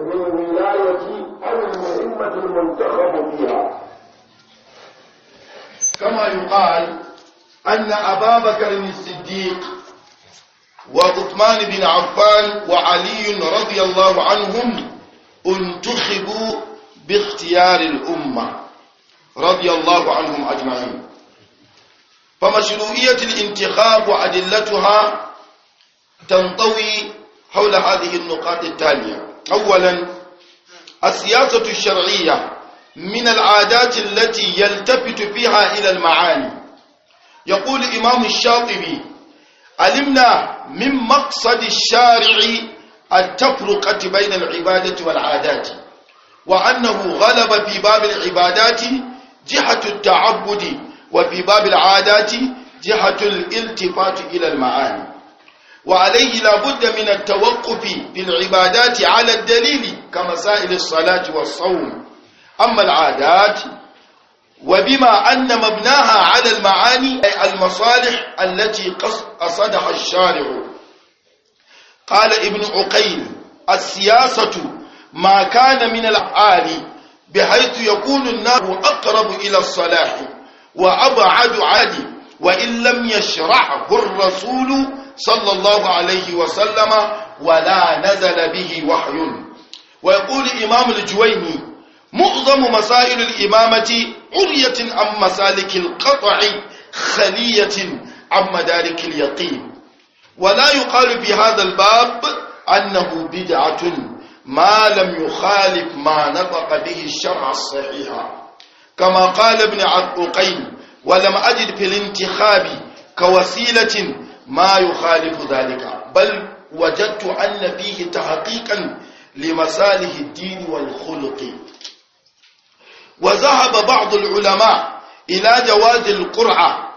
للولاية أو المهمة المنتخب فيها كما يقال أن أبا بكر الصديق وعثمان بن عفان وعلي رضي الله عنهم انتخبوا باختيار الأمة رضي الله عنهم أجمعين فمشروعية الانتخاب وأدلتها تنطوي حول هذه النقاط التالية أولا السياسة الشرعية من العادات التي يلتفت فيها إلى المعاني يقول إمام الشاطبي علمنا من مقصد الشارع التفرقة بين العبادة والعادات وأنه غلب في باب العبادات جهة التعبد وفي باب العادات جهة الالتفات إلى المعاني وعليه لا بد من التوقف في العبادات على الدليل كمسائل الصلاة والصوم أما العادات وبما أن مبناها على المعاني أي المصالح التي قصدها الشارع قال ابن عقيل السياسة ما كان من العالي بحيث يكون الناس أقرب إلى الصلاح وأبعد عادي وإن لم يشرعه الرسول صلى الله عليه وسلم ولا نزل به وحي ويقول إمام الجويني معظم مسائل الإمامة عرية عن مسالك القطع خلية عن مدارك اليقين ولا يقال في هذا الباب أنه بدعة ما لم يخالف ما نطق به الشرع الصحيح كما قال ابن عقيل ولم أجد في الانتخاب كوسيلة ما يخالف ذلك بل وجدت أن فيه تحقيقا لمصالح الدين والخلق وذهب بعض العلماء إلى جواز القرعة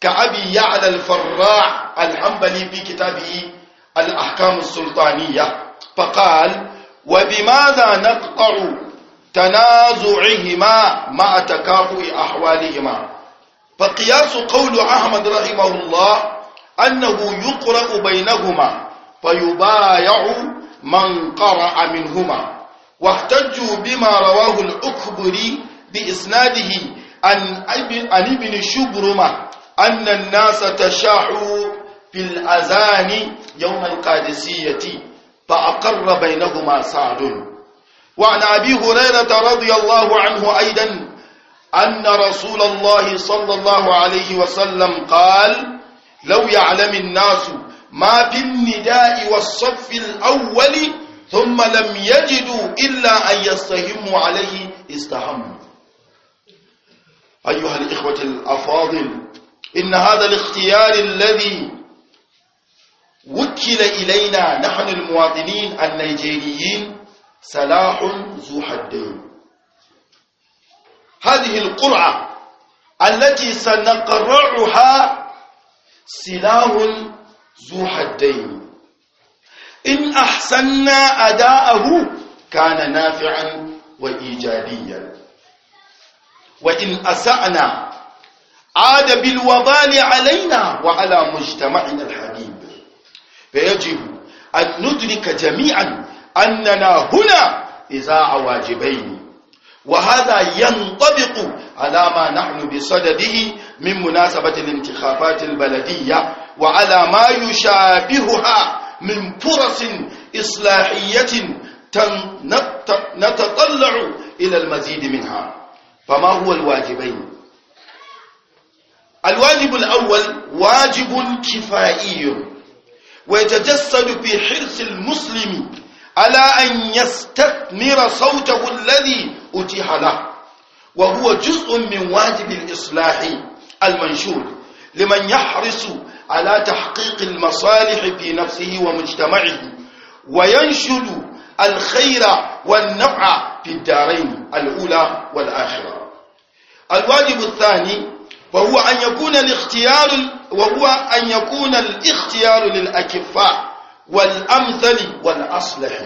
كأبي يعلى الفراع الحنبلي في كتابه الأحكام السلطانية فقال وبماذا نقطع تنازعهما مع تكافؤ أحوالهما فقياس قول أحمد رحمه الله أنه يقرأ بينهما فيبايع من قرأ منهما واحتجوا بما رواه الأكبري بإسناده عن ابن شبرمة أن الناس تشاحوا في الأذان يوم القادسية فأقر بينهما سعد وعن أبي هريرة رضي الله عنه أيضا أن رسول الله صلى الله عليه وسلم قال لو يعلم الناس ما في النداء والصف الأول ثم لم يجدوا إلا أن يستهموا عليه استهموا أيها الإخوة الأفاضل إن هذا الاختيار الذي وكل إلينا نحن المواطنين النيجيريين سلاح ذو حدين هذه القرعة التي سنقرعها سلاح ذو حدين إن أحسنا أداءه كان نافعا وإيجابيا وإن أسأنا عاد بالوبال علينا وعلى مجتمعنا الحبيب فيجب أن ندرك جميعا أننا هنا إزاع واجبين وهذا ينطبق على ما نحن بصدده من مناسبة الانتخابات البلدية وعلى ما يشابهها من فرص إصلاحية نتطلع إلى المزيد منها فما هو الواجبين الواجب الأول واجب كفائي ويتجسد في حرص المسلم على أن يستثمر صوته الذي أتيح له وهو جزء من واجب الإصلاح المنشود لمن يحرص على تحقيق المصالح في نفسه ومجتمعه وينشد الخير والنفع في الدارين الأولى والآخرة الواجب الثاني وهو أن يكون الاختيار وهو أن يكون الاختيار للأكفاء والأمثل والأصلح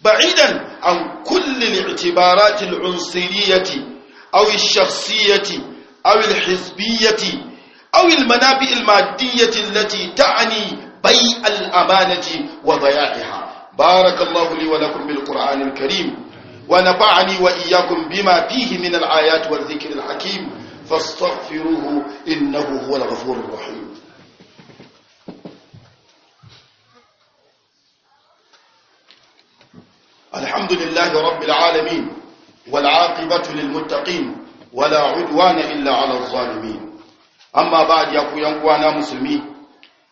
بعيدا عن كل الاعتبارات العنصرية أو الشخصية أو الحزبية أو المنابئ المادية التي تعني بيع الأمانة وضياعها بارك الله لي ولكم بالقرآن الكريم ونفعني وإياكم بما فيه من الآيات والذكر الحكيم فاستغفروه إنه هو الغفور الرحيم الحمد لله رب العالمين والعاقبة للمتقين wala udwana illa ala zalimi amma ba ya ku yan na musulmi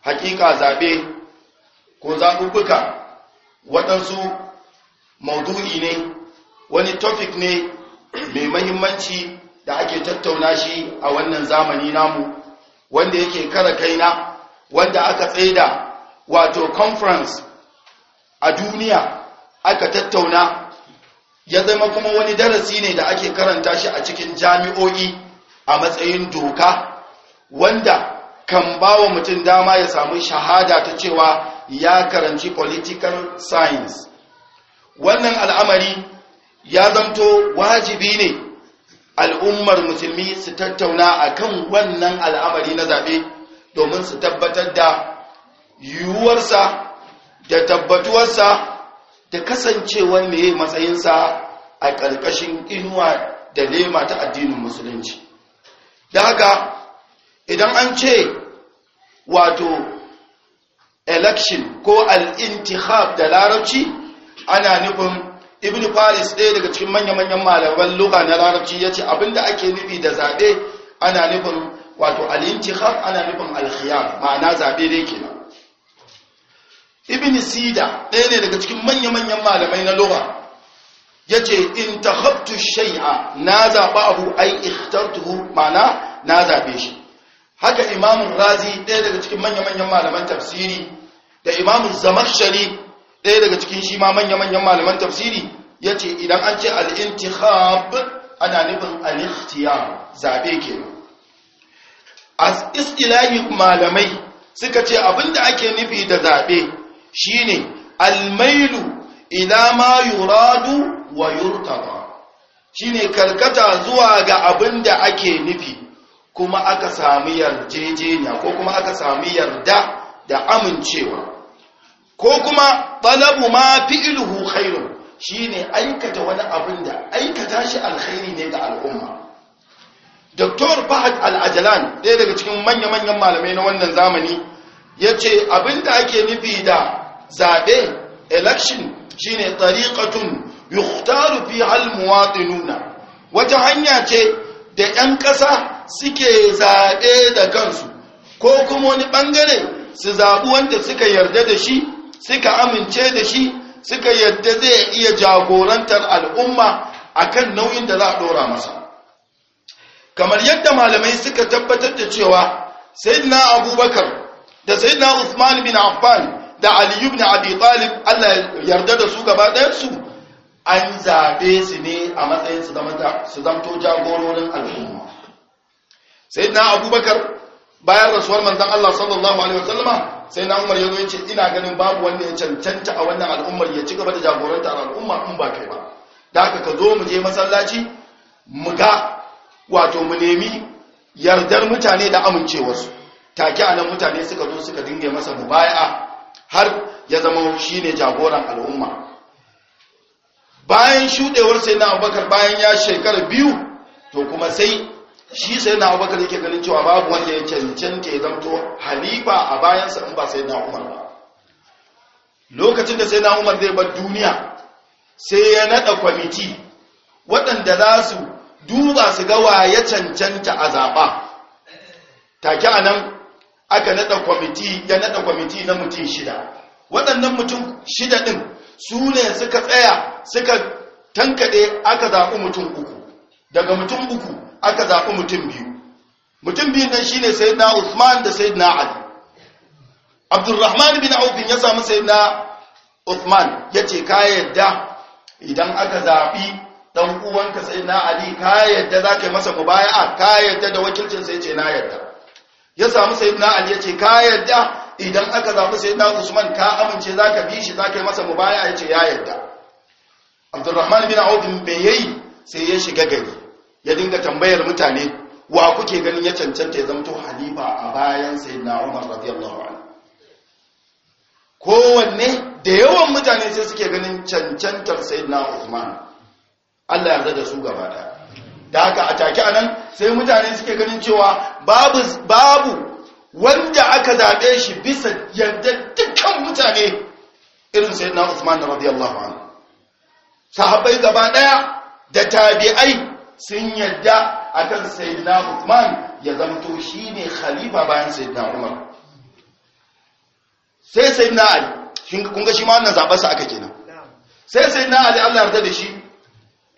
hakika zabe ko zabubuka waɗansu maudu'i ne wani topic ne mai mahimmanci da ake tattauna shi a wannan zamani namu wanda yake kara kaina wanda aka tsaida wato conference a duniya aka tattauna ya zama kuma wani darasi ne da ake karanta shi a cikin jami'o'i a matsayin doka wanda kan ba wa mutum dama ya samu shahada ta cewa ya karanci political science wannan al'amari ya zamto wajibi ne al'ummar musulmi su tattauna a kan wannan al'amari na zaɓe domin su tabbatar da yiwuwarsa da tabbatuwarsa da kasancewar meye matsayinsa a ƙarƙashin inuwa da lema ta addinin musulunci da haka idan an ce wato election ko alintihab da larabci ana nufin ibn faris ɗaya daga cikin manya-manyan malaman lura na larabci ya ce abinda ake nufi da zaɓe ana nufin wato alintihab ana nufin alkhiyar ma'ana zaɓe dai kenan ibn sida ɗaya ne daga cikin manya-manyan malamai na lura ya ce in ta haftu shai'a na zaɓa abu ai ikhtartuhu mana na zaɓe shi haka imamun razi ɗaya daga cikin manya-manyan malaman tafsiri da imamun Zamar-shari ɗaya daga cikin shi ma manya-manyan malaman tafsiri ya ce idan an ce al'intihab ana nufin al'ikhtiyar zaɓe ke a istilahi malamai suka ce abinda ake nufi da zaɓe shine almailu ila ma yuradu wa yurtada shine karkata zuwa ga abin da ake nufi kuma aka sami yarjejeniya ko kuma aka sami yarda da amincewa ko kuma talabu ma fi'luhu khairun shine aikata wani abin da aikata shi alkhairi ne ga al'umma Dr. Fahad Al-Ajlan ɗaya daga cikin manya-manyan malamai na wannan zamani ya ce abin da ake nufi da zaɓe election shine tariqatun yukhtaru fiha nuna, wata hanya ce da 'yan ƙasa suke zaɓe da kansu ko kuma wani ɓangare su zaɓi wanda suka yarda da shi suka amince da shi suka yarda zai iya jagorantar al'umma akan nauyin da za a ɗora masa kamar yadda malamai suka tabbatar da cewa sayyidina abubakar da sayyidina usman bin affan da Aliyu ibn Abi Talib Allah yarda da su gaba ɗayan su an zabe su ne a matsayin su zama su zamto jagororin al'umma Sai na Abubakar bayan rasuwar manzon Allah sallallahu alaihi sallama, sai na Umar yazo ce ina ganin babu wanda ya cancanta a wannan al'ummar ya ci gaba da jagoranta al'umma in ba kai ba da haka ka zo mu je masallaci mu ga wato mu nemi yardar mutane da amincewarsu take anan mutane suka zo suka dinga masa mubaya'a har ya zama ne jagoran al'umma bayan shudewar sai na abubakar bayan ya shekara biyu to kuma sai shi sai na abubakar yake ganin cewa babu wanda ya cancanta ya zamto halifa a bayansa in ba sai na umar ba lokacin da sai na umar zai bar duniya sai ya nada kwamiti waɗanda za su duba su gawaya, ya cancanta a zaɓa take a nan aka nada kwamiti ya nada kwamiti na mutum shida waɗannan mutum shida ɗin su ne suka tsaya suka tankaɗe aka zaɓi mutum uku daga mutum uku aka zaɓi mutum biyu mutum biyu nan shine na Uthman da na Ali Abdulrahman bin aufin ya samu sayyidina Uthman yace ka yadda idan aka zaɓi dan uwanka na Ali ka yadda yi masa mubaya'a ka yadda da wakilcin sai ce na yadda ya samu sayyidina ali ya ce ka yadda idan aka sai sayyidina usman ka amince za ka bi shi zaka yi masa mubaya ya ce ya yadda abdurrahman bin auf bai yayi sai ya shiga gari ya dinga tambayar mutane wa kuke ganin ya cancanta ya zamto halifa a bayan sayyidina umar radiyallahu ala kowanne da yawan mutane sai suke ganin cancantar sayyidina usman Allah ya zada da su gaba daya da haka a take anan sai mutane suke ganin cewa babu babu wanda aka zabe shi bisa yadda dukkan mutane irin sai na Usman radiyallahu anhu sahabbai gaba daya da tabi'ai sun yadda akan sayyidina Uthman ya zamto shine khalifa bayan sayyidina Umar sai sayyidina Ali kun ga shi ma wannan zaɓarsa aka kenan sai sayyidina Ali Allah yarda da shi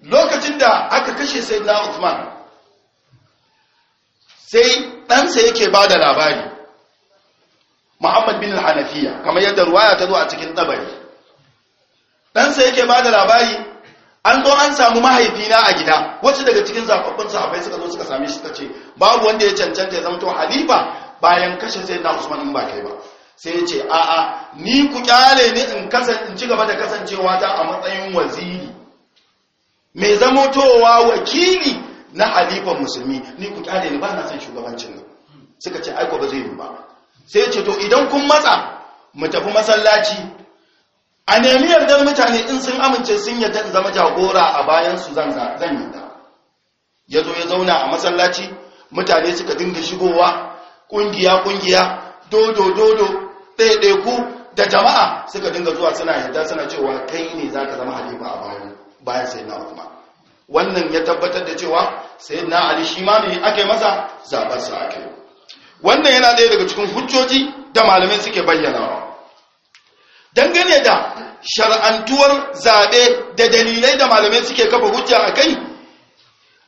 lokacin da aka kashe sai na Uthman sai ɗansa yake ba da labari Muhammad bin al-Hanafiya kamar yadda ruwaya ta zo a cikin tabari ɗansa yake ba da labari an zo an samu mahaifina a gida wacce daga cikin zafaffun sahabbai suka zo suka same shi suka ce babu wanda ya cancanta ya zama to halifa bayan kashe sai na Usman in ba kai ba sai ya ce a'a ni ku kyale ni in ci gaba da kasancewa ta a matsayin waziri mai zama towa wakili na halifan musulmi ni ku kyale ni ba na son shugabancin nan suka ce aiko ba zai yi ba sai ce to idan kun matsa mu tafi masallaci a nemi yardar mutane in sun amince sun yarda in zama jagora a bayan su zan zan ya zo ya zauna a masallaci mutane suka dinga shigowa kungiya kungiya dodo dodo ɗaiɗaiku da jama'a suka dinga zuwa suna yadda suna cewa kai ne zaka zama halifa a bayan bayan sai na umar wannan ya tabbatar da cewa sai na Ali shi ma ne ake masa zaɓar sa ake wannan yana ɗaya daga cikin hujjoji da malamai suke bayyanawa dangane da shar'antuwar zaɓe da dalilai da malamai suke kafa hujja a kai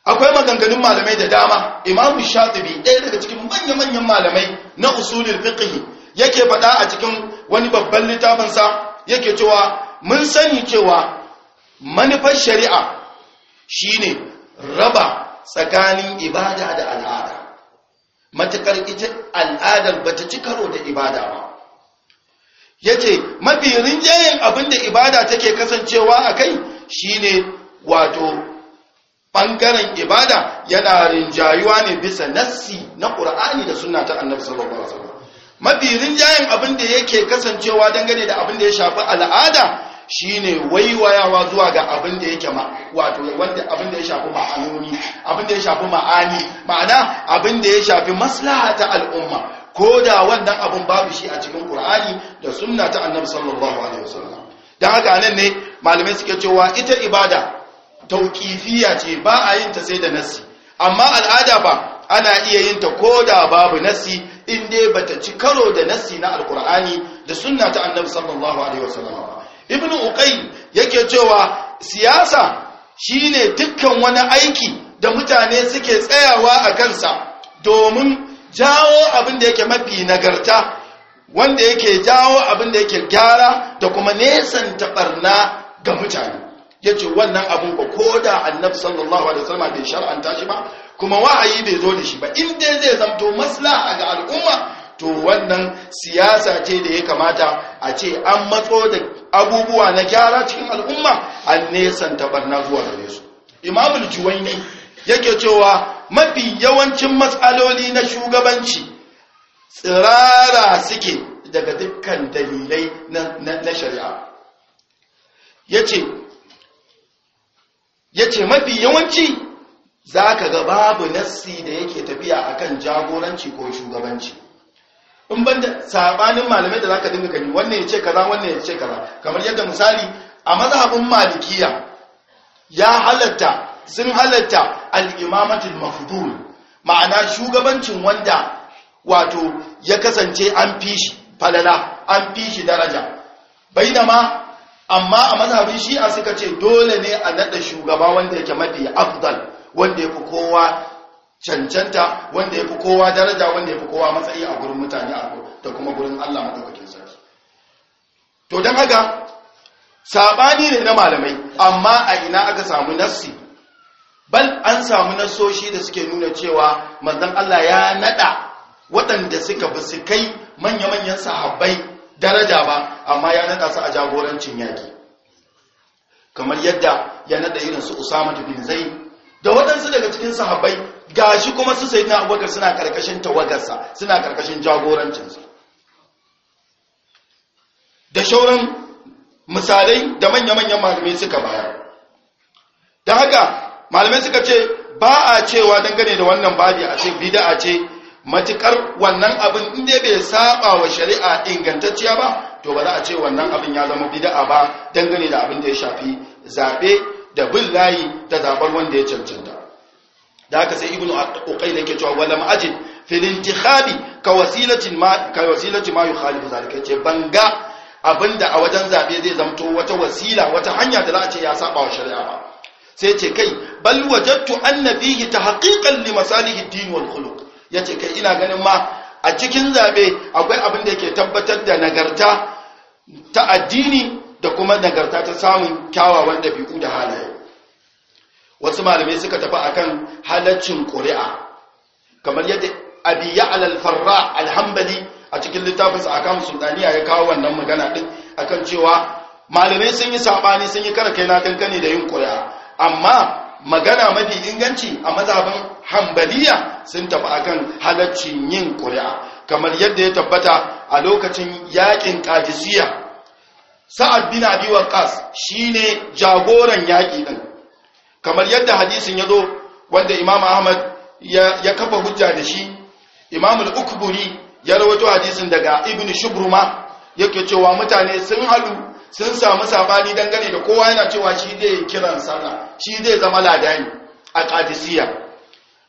akwai maganganun malamai da dama imamu shatibi ɗaya daga cikin manya-manyan malamai na usulul fiqh yake faɗa a cikin wani babban littafinsa yake cewa mun sani cewa manufar shari'a shine raba tsakanin ibada da al'ada matakar ita al'adar ta ci karo da ibada ba Ya ce mafi rinjayen abinda ibada take kasancewa a kai shine wato ɓangaren ibada yana rinjayuwa ne bisa nassi na ƙur'ani da sunna ta annar sallallahu mafi rinjayen abinda yake kasancewa dangane da abinda ya shafi al'ada shine waiwayawa zuwa ga abin da yake ma wato wanda abin da ya shafi ma'anoni abin da ya shafi ma'ani ma'ana abin da ya shafi maslaha ta al'umma ko da wannan abin babu shi a cikin Qur'ani da sunna ta Annabi sallallahu alaihi wasallam dan haka nan ne malamai suke cewa ita ibada tauqifiyya ce ba a yin ta sai da nassi amma al'ada ba ana iya yin ta ko da babu nasi, in dai bata ci karo da nasi na alqur'ani da sunna ta Annabi sallallahu alaihi wasallam ibn uqay yake cewa siyasa shine dukkan wani aiki da mutane suke tsayawa a kansa domin jawo abin da yake mafi nagarta wanda yake jawo abin da yake gyara da kuma nesanta ɓarna ga mutane yace wannan abun ba ko da annabi sallallahu alaihi wasallam bai shar'anta shi ba kuma wa'ayi bai zo da shi ba in dai zai zamto maslaha ga al'umma to wannan siyasa ce da ya kamata a ce an matso da abubuwa na gyara cikin al'umma an nesanta barna zuwa gare su imamul juwaini yake cewa mafi yawancin matsaloli na shugabanci tsirara suke daga dukkan dalilai na shari'a ya ce mafi yawanci za ka ga babu nassi da yake tafiya a kan jagoranci ko shugabanci in ban da sabanin malamai da zaka dinga gani wannan ya kaza wannan ya kaza kamar yadda misali a mazhabin malikiya ya halatta sun halatta al-imamatul mafdul ma'ana shugabancin wanda wato ya kasance an fi shi falala an fi shi daraja ma, amma a mazhabin shi'a suka ce dole ne a nada shugaba wanda yake mafi afdal wanda yafi kowa cancanta wanda ya fi kowa daraja wanda ya fi kowa matsayi a gurin mutane a da kuma gurin Allah madaukakin sarki to dan haka sabani ne na malamai amma a ina aka samu nassi bal an samu nasoshi da suke nuna cewa manzon Allah ya nada waɗanda suka bi su kai manya-manyan sahabbai daraja ba amma ya nada su a jagorancin yaki kamar yadda ya nada irin su Usama bin Zaid da waɗansu daga cikin sahabbai gashi kuma su sayi na abubakar suna karkashin tawagarsa suna karkashin jagorancinsa da shauran misalai da manya-manyan malamai suka bayar da haka malamai suka ce ba a cewa dangane da wannan babi a ce bida ce matukar wannan abin inda bai saba wa shari'a ingantacciya ba to ba za a ce wannan abin ya zama bid'a ba dangane da abin da ya shafi zaɓe. da bin layi da zabar wanda ya cancanta da aka sai ibnu uqayl yake cewa walam ajid fil intikhabi ka wasilatin ma ka wasilatin ma yukhalifu zalika ce banga abinda a wajen zabe zai zamto wata wasila wata hanya da za a ce ya saba wa shari'a ba sai ce kai bal wajadtu anna fihi tahqiqan li masalihi ad-din wal khuluq yace kai ina ganin ma a cikin zabe akwai abin da yake tabbatar da nagarta ta addini da kuma nagarta ta samun kyawawan ɗabi'u da halaye wasu malamai suka tafi akan halaccin ƙuri'a kamar yadda abi ya alalfarra alhambali a cikin littafinsa a kan sultaniya ya kawo wannan magana ɗin akan cewa malamai sun yi saɓani sun yi kara kai na kankani da yin ƙuri'a amma magana mafi inganci a mazhabin hambaliya sun tafi akan halaccin yin ƙuri'a kamar yadda ya tabbata a lokacin yaƙin ƙajisiyya sa'ad bin abi shi ne jagoran yaƙi din kamar yadda hadisin ya zo wanda imam ahmad ya kafa hujja da shi imam al-ukburi ya rawato hadisin daga ibn shubruma yake cewa mutane sun haɗu, sun samu sabani dangane da kowa yana cewa shi zai kiran sana shi zai zama ladani a qadisiyya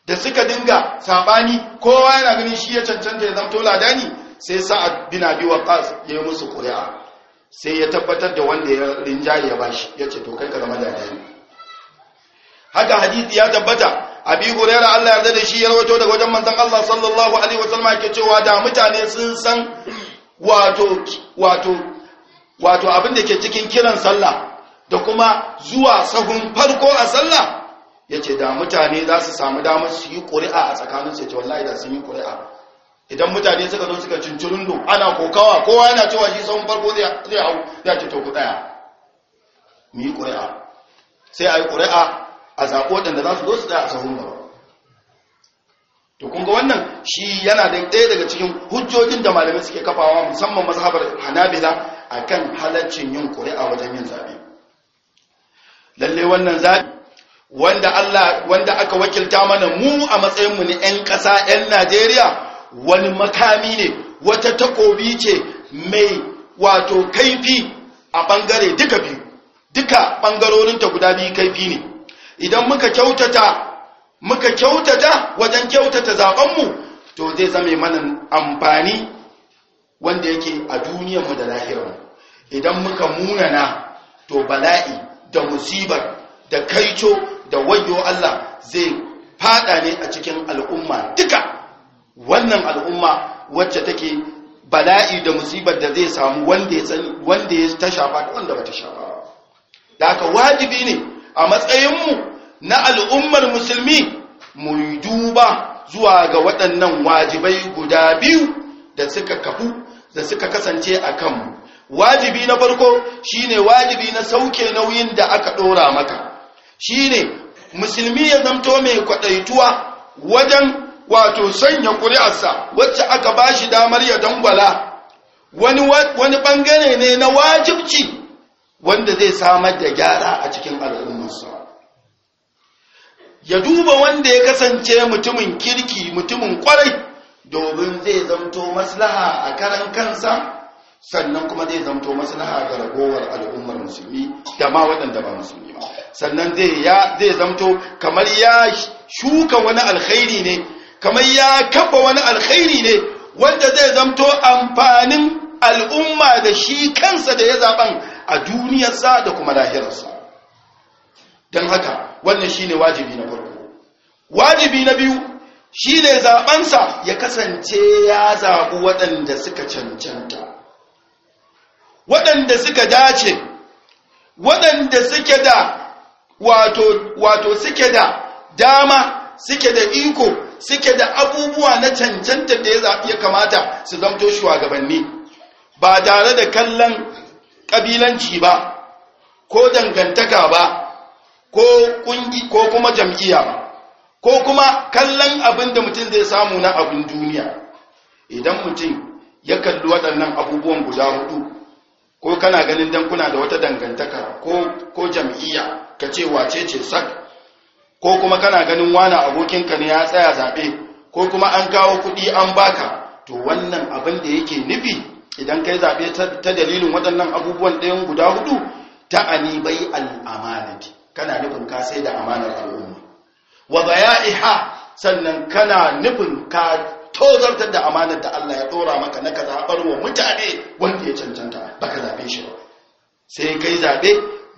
da suka dinga sabani kowa yana ganin shi ya cancanta ya zama to ladani sai sa'ad bin abi waqas ya yi musu ƙuri'a sai ya tabbatar da wanda ya rinjaye ya bashi ya ce to kai ka zama dai haka hadisi ya tabbata abi hurairah Allah yarda da shi ya rawato daga wajen manzon Allah sallallahu alaihi wasallam yake cewa da mutane sun san wato wato wato abin da ke cikin kiran sallah da kuma zuwa sahun farko a sallah yace da mutane za su samu damar su yi ƙuri'a a tsakaninsu yace wallahi da su yi ƙuri'a idan mutane suka zo suka do ana kokawa kowa yana cewa shi sun farko zai hau ya ce to ku tsaya mu yi ƙuri'a sai a yi ƙuri'a a zaɓo waɗanda za su zo su tsaya a sahun gaba to kunga wannan shi yana da ɗaya daga cikin hujjojin da malamai suke kafawa musamman mazhabar hanabila a kan halaccin yin ƙuri'a wajen yin zaɓe lalle wannan zaɓe wanda Allah wanda aka wakilta mana mu a matsayin mu ne ƴan ƙasa ƴan Najeriya wani makami ne wata takobi ce mai wato kaifi a bangare duka biyu duka bangarorinta guda biyu kaifi ne idan muka kyautata muka kyautata wajen kyautata zaɓenmu to zai zame mana amfani wanda yake a duniyarmu da lahirar idan muka munana to bala'i da musibar da kaico da wayo Allah zai fada ne a cikin al'umma duka wannan al'umma wacce take bala'i da musibar da zai samu wanda ya ta shafa da wanda ta shafa da aka wajibi ne a matsayinmu na al'ummar musulmi mu duba zuwa ga waɗannan wajibai guda biyu da suka kafu da suka kasance a kanmu wajibi na farko shine wajibi na sauke nauyin da aka ɗora maka shine musulmi ya zamto mai kwaɗaituwa wajen wato sanya ƙuri'arsa wacce aka ba shi damar ya dangwala wani ɓangare ne na wajibci wanda zai samar da gyara a cikin al'ummarsa ya duba wanda ya kasance mutumin kirki mutumin kwarai domin zai zamto maslaha a karan kansa sannan kuma zai zamto maslaha ga ragowar al'ummar musulmi da ma waɗanda ba musulmi ba sannan zai zamto kamar ya shuka wani alkhairi ne kamar ya kafa wani alkhairi ne wanda zai zamto amfanin al'umma da shi kansa da ya zaɓan a duniyarsa da kuma lahirarsa don haka wannan shine wajibi na farko wajibi na biyu shine zaɓansa ya kasance ya zaɓi waɗanda suka cancanta waɗanda suka dace waɗanda suke da wato suke da dama suke da iko suke da abubuwa na cancanta da ya zaɓi kamata su zamto shugabanni ba tare da kallon ƙabilanci ba ko dangantaka ba ko ƙungi ko kuma jam'iyya ko kuma kallon abin da mutum zai samu na abin duniya idan mutum ya kalli waɗannan abubuwan guda hudu ko kana ganin dankuna da wata dangantaka ko ko jam'iyya ka ce wace ce sak ko kuma kana ganin wani abokinka ne ya tsaya zaɓe ko kuma an kawo kuɗi an baka to wannan abin da yake nufi idan kai zaɓe ta dalilin waɗannan abubuwan ɗayan guda hudu ta anibai al'amanati kana nufin ka sai da amanar al'umma wa baya'iha sannan kana nufin ka tozartar da amanar da Allah ya tsora maka na ka zaɓar wa mutane wanda ya cancanta baka zaɓe shi ba sai kai zaɓe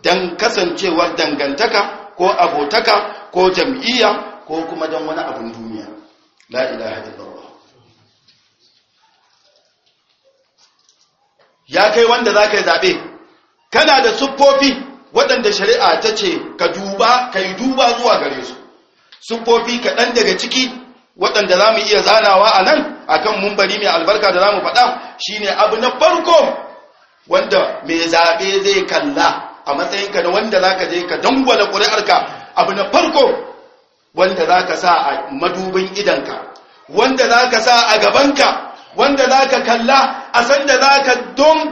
don kasancewar dangantaka ko abotaka ko jam'iyya ko kuma don wani abin duniya la ilaha illallah ya kai wanda za ka yi zaɓe kana da siffofi waɗanda shari'a ta ce ka duba ka yi duba zuwa gare su siffofi kaɗan daga ciki waɗanda za mu iya zanawa a nan akan kan mumbari mai albarka da za mu faɗa shi abu na farko wanda mai zaɓe zai kalla a matsayinka da wanda za ka je ka dangwala ƙuri'arka abu na farko wanda za ka sa a madubin idanka wanda za ka sa a gabanka wanda za ka kalla a sanda za ka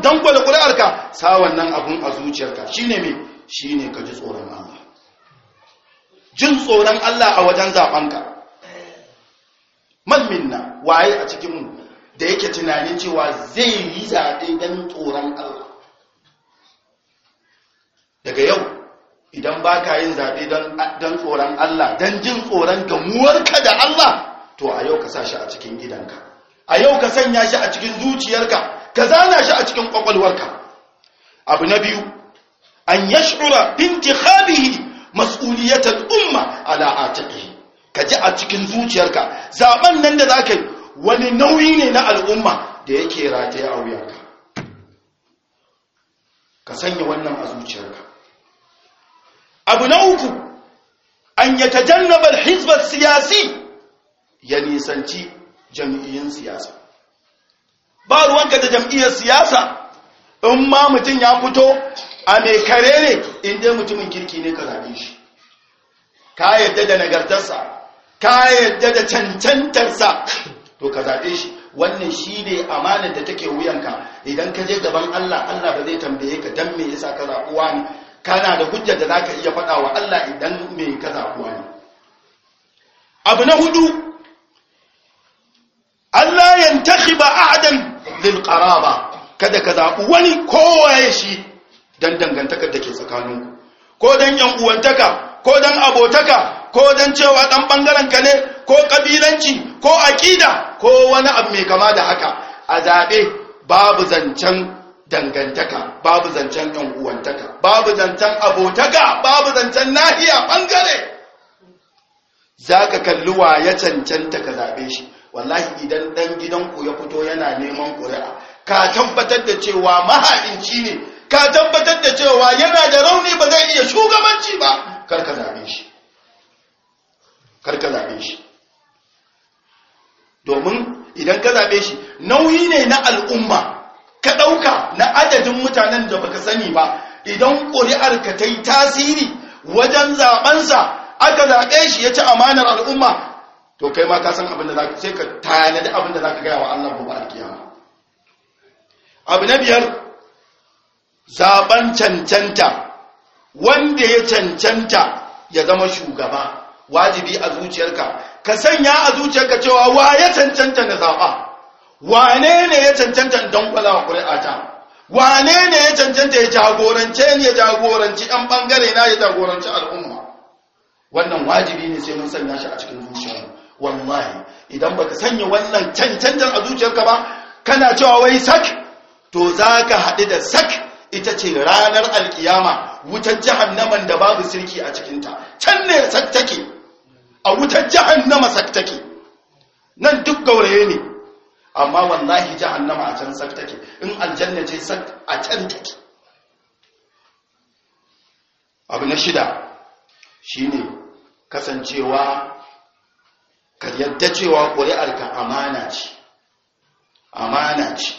dangwada ƙuri'arka sa wannan abun a zuciyarka shi ne mai shi ne ka ji tsoron Allah jin tsoron Allah a wajen zafanka man waye a cikinmu da yake tunanin cewa zai yi zaɓe don tsoron Allah daga yau idan ba ka yin zaɓe don tsoron Allah don jin tsoron gamuwarka da Allah to a yau ka sa shi a cikin gidanka a yau ka sanya shi a cikin zuciyarka ka zana shi a cikin ƙwaƙwalwarka abu na biyu an shura binti khabihi mas'uliyatar umma ala ka ji a cikin zuciyarka zaɓen nan da za ka yi wani nauyi ne na al'umma da yake rataye a wuyanka ka sanya wannan a zuciyarka abu na uku an ya jannabar hizbar siyasi ya nisanci jam'iyyun siyasa ba ruwanka da jam'iyyar siyasa in ma mutum ya fito a mai kare ne inda mutumin kirki ne ka zaɓe shi ka yadda da nagartarsa ka yadda da cancantarsa to ka zaɓe shi wannan shi ne amanar da take wuyanka idan ka je gaban allah allah ba zai tambaye ka dan me yasa ka zaɓuwa ne kana da hujja da zaka iya faɗa wa Allah idan mai kaza kuwa ne abu na hudu Allah ba a'dan lil qaraba kada ka zaɓi wani kowaye shi don dangantakar da ke tsakaninku ko don yan uwantaka ko don abotaka ko don cewa ɗan ka ne ko ƙabilanci ko aƙida ko wani abu mai kama da haka a zaɓe babu zancen dangantaka babu zancen yan babu zancen abotaka babu zancen nahiya bangare zaka kalli wa ya cancanta ka zabe shi wallahi idan ɗan gidan ku ya fito yana neman ƙuri'a ka tabbatar da cewa maha'inci ne ka tabbatar da cewa yana da rauni ba zai iya shugabanci ba kar ka shi kar ka shi domin idan ka zabe shi nauyi ne na al'umma ka ɗauka na adadin mutanen da baka sani ba idan ƙuri'ar ka ta yi tasiri wajen zaɓensa aka zaɓe shi ya ci amanar al'umma to kai ma ka san abin da za ka sai ka tanadi abin da za ka gaya wa Allah gobe ba. abu na biyar zaɓen cancanta wanda ya cancanta ya zama shugaba wajibi a zuciyarka ka sanya a zuciyarka cewa wa ya cancanta na zaɓa wane ne ya cancanta kwala wa ta wane ne ya cancanta ya jagorance ni ya jagoranci ɗan ɓangare na ya jagoranci al'umma wannan wajibi ne sai mun sanya shi a cikin zuciyar wallahi idan baka sanya wannan cancantar a zuciyarka ba kana cewa wai sak to za ka haɗu da sak ita ce ranar alkiyama wutar jahannaman da babu sirki a cikinta can ne sak take a wutar jahannama sak take nan duk gauraye ne amma wallahi jahannama a can sak take in aljanna ce sak a can take abu na shida shine kasancewa ka yadda cewa ƙuri'arka amana ce amana ce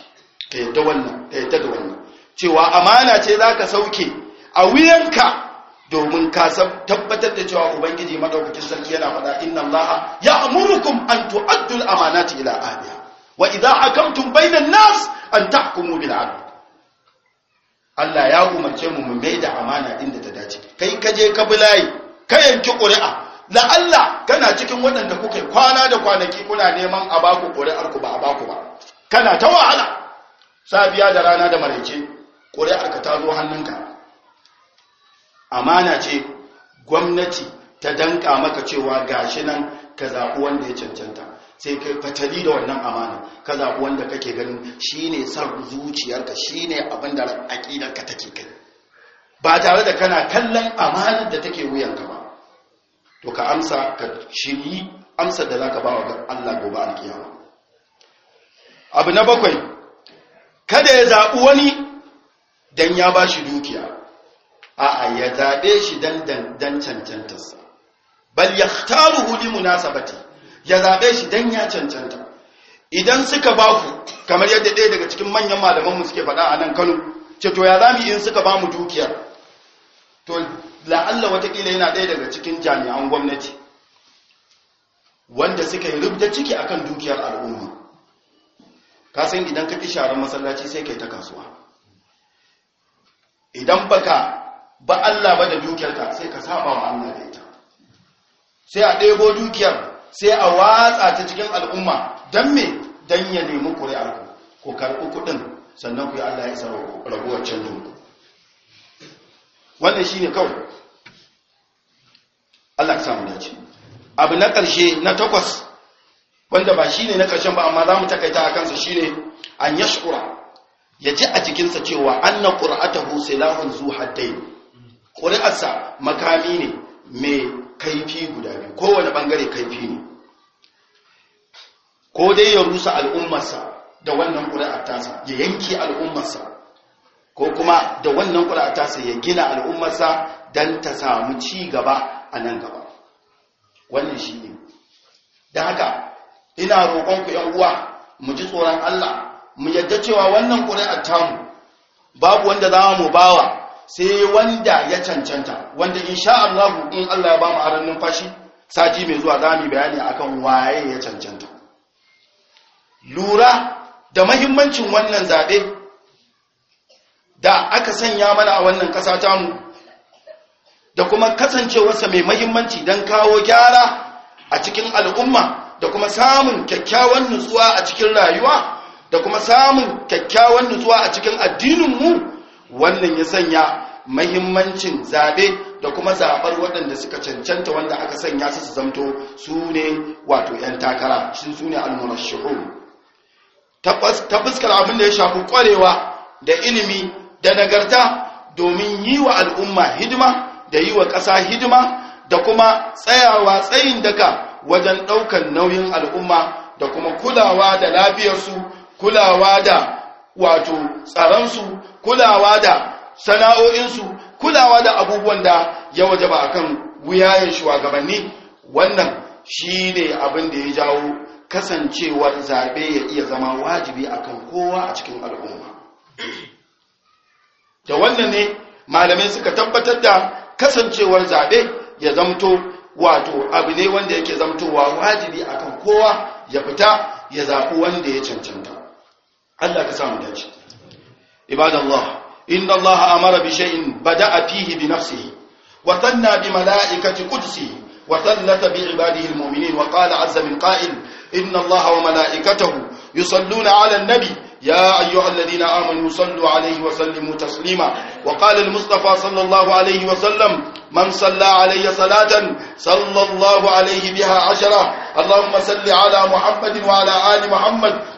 ka yadda wannan ka yadda da wannan cewa amana ce za ka sauke a wuyanka domin ka tabbatar da cewa ubangiji madaukakin sarki yana faɗa inna allaha amurukum an tu'addul amanati ila ahliha wa idza hakamtum bainan nas an tahkumu bil adl Allah ya umarce mu mu mai da amana inda ta dace kai ka je ka bulayi ka yanki ƙuri'a la Allah kana cikin waɗanda kuka kwana da kwanaki kuna neman a baku ƙuri'ar ku ba a baku ba kana ta wahala safiya da rana da maraice ƙuri'ar ka ta zo hannunka amana ce gwamnati ta danka maka cewa gashi nan ka zaɓi wanda ya cancanta sai ka fatali da wannan amana ka wanda kake ganin shine san zuciyarka shine abin da aƙidarka take kai ba tare da kana kallon amanar da take wuyanka ba to ka amsa ka shiri amsa da zaka ba wa Allah gobe alkiyama abu na bakwai kada ya zaɓi wani dan ya ba shi dukiya a'a ya zaɓe shi dan dan cancantarsa bal yahtaruhu li munasabati ya zaɓe shi don ya cancanta idan suka ba ku kamar yadda ɗaya daga cikin manyan malamanmu suke faɗa a nan kano ce to ya za mu in suka ba mu dukiyar to la'alla watakila yana ɗaya daga cikin jami'an gwamnati wanda suka yi rubda ciki a kan dukiyar al'umma kasan idan ka sharan masallaci sai ka yi ta kasuwa idan baka ba Allah ba da dukiyarka sai ka saba wa Allah da ita sai a ɗebo dukiyar sai a watsa ta cikin al'umma don me don ya nemi ƙuri'arku ku karɓi kuɗin sannan ku yi allah ya isa raguwar canjin wannan shi ne kawai allah ya samu dace abu na ƙarshe na takwas wanda ba shi ne na ƙarshen ba amma za mu takaita a kansa shi ne an ya shura ya ji a cikinsa cewa an na ƙura'atahu sai lahun zuwa haddai ƙuri'arsa makami ne mai kaifi guda biyu kowane bangare kaifi ne ko dai ya rusa al'ummarsa da wannan ƙura'atarsa ya yanki al'ummarsa ko kuma da wannan ƙura'atarsa ya gina al'ummarsa don ta samu ci gaba a nan gaba wannan shi ne da haka ina roƙonku uwa mu ji tsoron allah mu yadda cewa wannan ƙura'atarmu tamu babu wanda za mu bawa sai wanda ya cancanta wanda insha Allah in Allah ya ba mu aran numfashi sati mai zuwa zamu bayani akan waye ya cancanta lura da mahimmancin wannan zabe da aka sanya mana a wannan kasa mu, da kuma kasancewarsa mai mahimmanci dan kawo gyara a cikin al'umma da kuma samun kyakkyawan nutsuwa a cikin rayuwa da kuma samun kyakkyawan nutsuwa a cikin addinin mu wannan ya sanya mahimmancin zabe da kuma zabar waɗanda suka cancanta wanda aka sanya su su zamto su ne wato 'yan takara shin su ne almurashihu ta fuskar abin da ya shafi kwarewa da ilimi da nagarta domin yi wa al'umma hidima da yi wa ƙasa hidima da kuma tsayawa tsayin daga wajen ɗaukar nauyin al'umma da kuma kulawa da lafiyarsu kulawa da wato tsaransu kulawa da sana'o'insu kulawa da abubuwan da ya waje wajaba akan wuyayen shugabanni wannan shine abin da ya jawo kasancewar zaɓe ya iya zama wajibi akan kowa a cikin al'umma da wannan ne malamai suka tabbatar da kasancewar zaɓe ya zamto wato abu ne wanda yake zamtowa wajibi akan kowa ya fita ya zafi wanda ya cancanta Allah ka samu dace عباد الله إن الله أمر بشيء بدأ فيه بنفسه وثنى بملائكة قدسه وثلث بعباده المؤمنين وقال عز من قائل إن الله وملائكته يصلون على النبي يا أيها الذين آمنوا صلوا عليه وسلموا تسليما وقال المصطفى صلى الله عليه وسلم من صلى علي صلاة صلى الله عليه بها عشرة اللهم صل على محمد وعلى آل محمد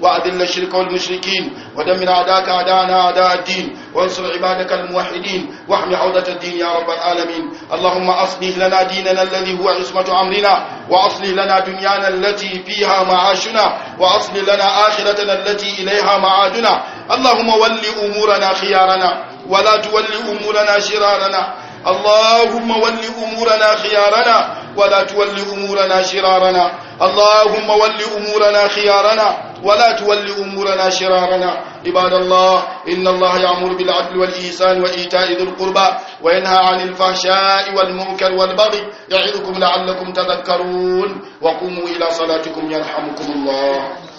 وأذل الشرك والمشركين ودمر أعداءك أعداءنا أعداء الدين وانصر عبادك الموحدين واحم عودة الدين يا رب العالمين اللهم أصلح لنا ديننا الذي هو عصمة أمرنا وأصلح لنا دنيانا التي فيها معاشنا وأصلح لنا آخرتنا التي إليها معادنا اللهم ول أمورنا خيارنا ولا تول أمورنا شرارنا اللهم ول أمورنا خيارنا ولا تول أمورنا شرارنا اللهم ول أمورنا خيارنا ولا تول أمورنا شرارنا عباد الله إن الله يأمر بالعدل والإحسان وإيتاء ذي القربى وينهى عن الفحشاء والمنكر والبغي يعظكم لعلكم تذكرون وقوموا إلى صلاتكم يرحمكم الله